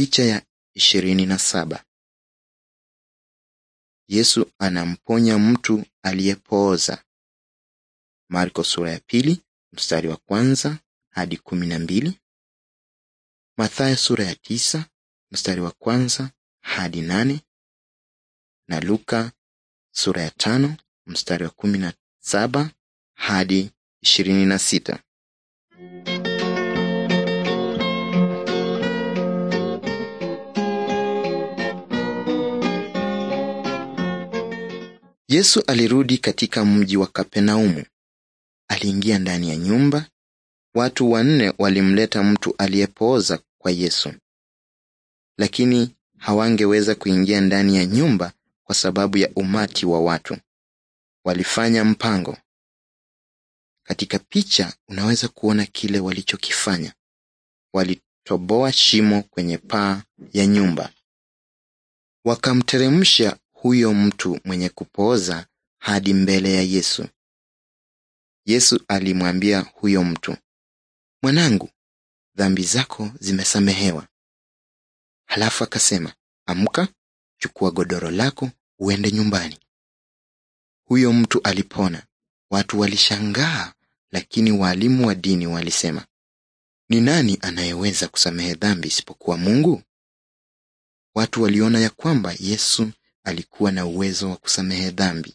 Picha ya 27. Yesu anamponya mtu aliyepooza. Marko sura ya pili mstari wa kwanza hadi kumi na mbili Mathayo sura ya tisa mstari wa kwanza hadi nane na Luka sura ya tano mstari wa kumi na saba hadi ishirini na sita. Yesu alirudi katika mji wa Kapenaumu. Aliingia ndani ya nyumba. Watu wanne walimleta mtu aliyepooza kwa Yesu, lakini hawangeweza kuingia ndani ya nyumba kwa sababu ya umati wa watu. Walifanya mpango. Katika picha unaweza kuona kile walichokifanya. Walitoboa shimo kwenye paa ya nyumba, wakamteremsha huyo mtu mwenye kupooza hadi mbele ya Yesu. Yesu alimwambia huyo mtu, mwanangu, dhambi zako zimesamehewa. Halafu akasema, amka, chukua godoro lako uende nyumbani. Huyo mtu alipona. Watu walishangaa, lakini waalimu wa dini walisema, ni nani anayeweza kusamehe dhambi isipokuwa Mungu? Watu waliona ya kwamba Yesu Alikuwa na uwezo wa kusamehe dhambi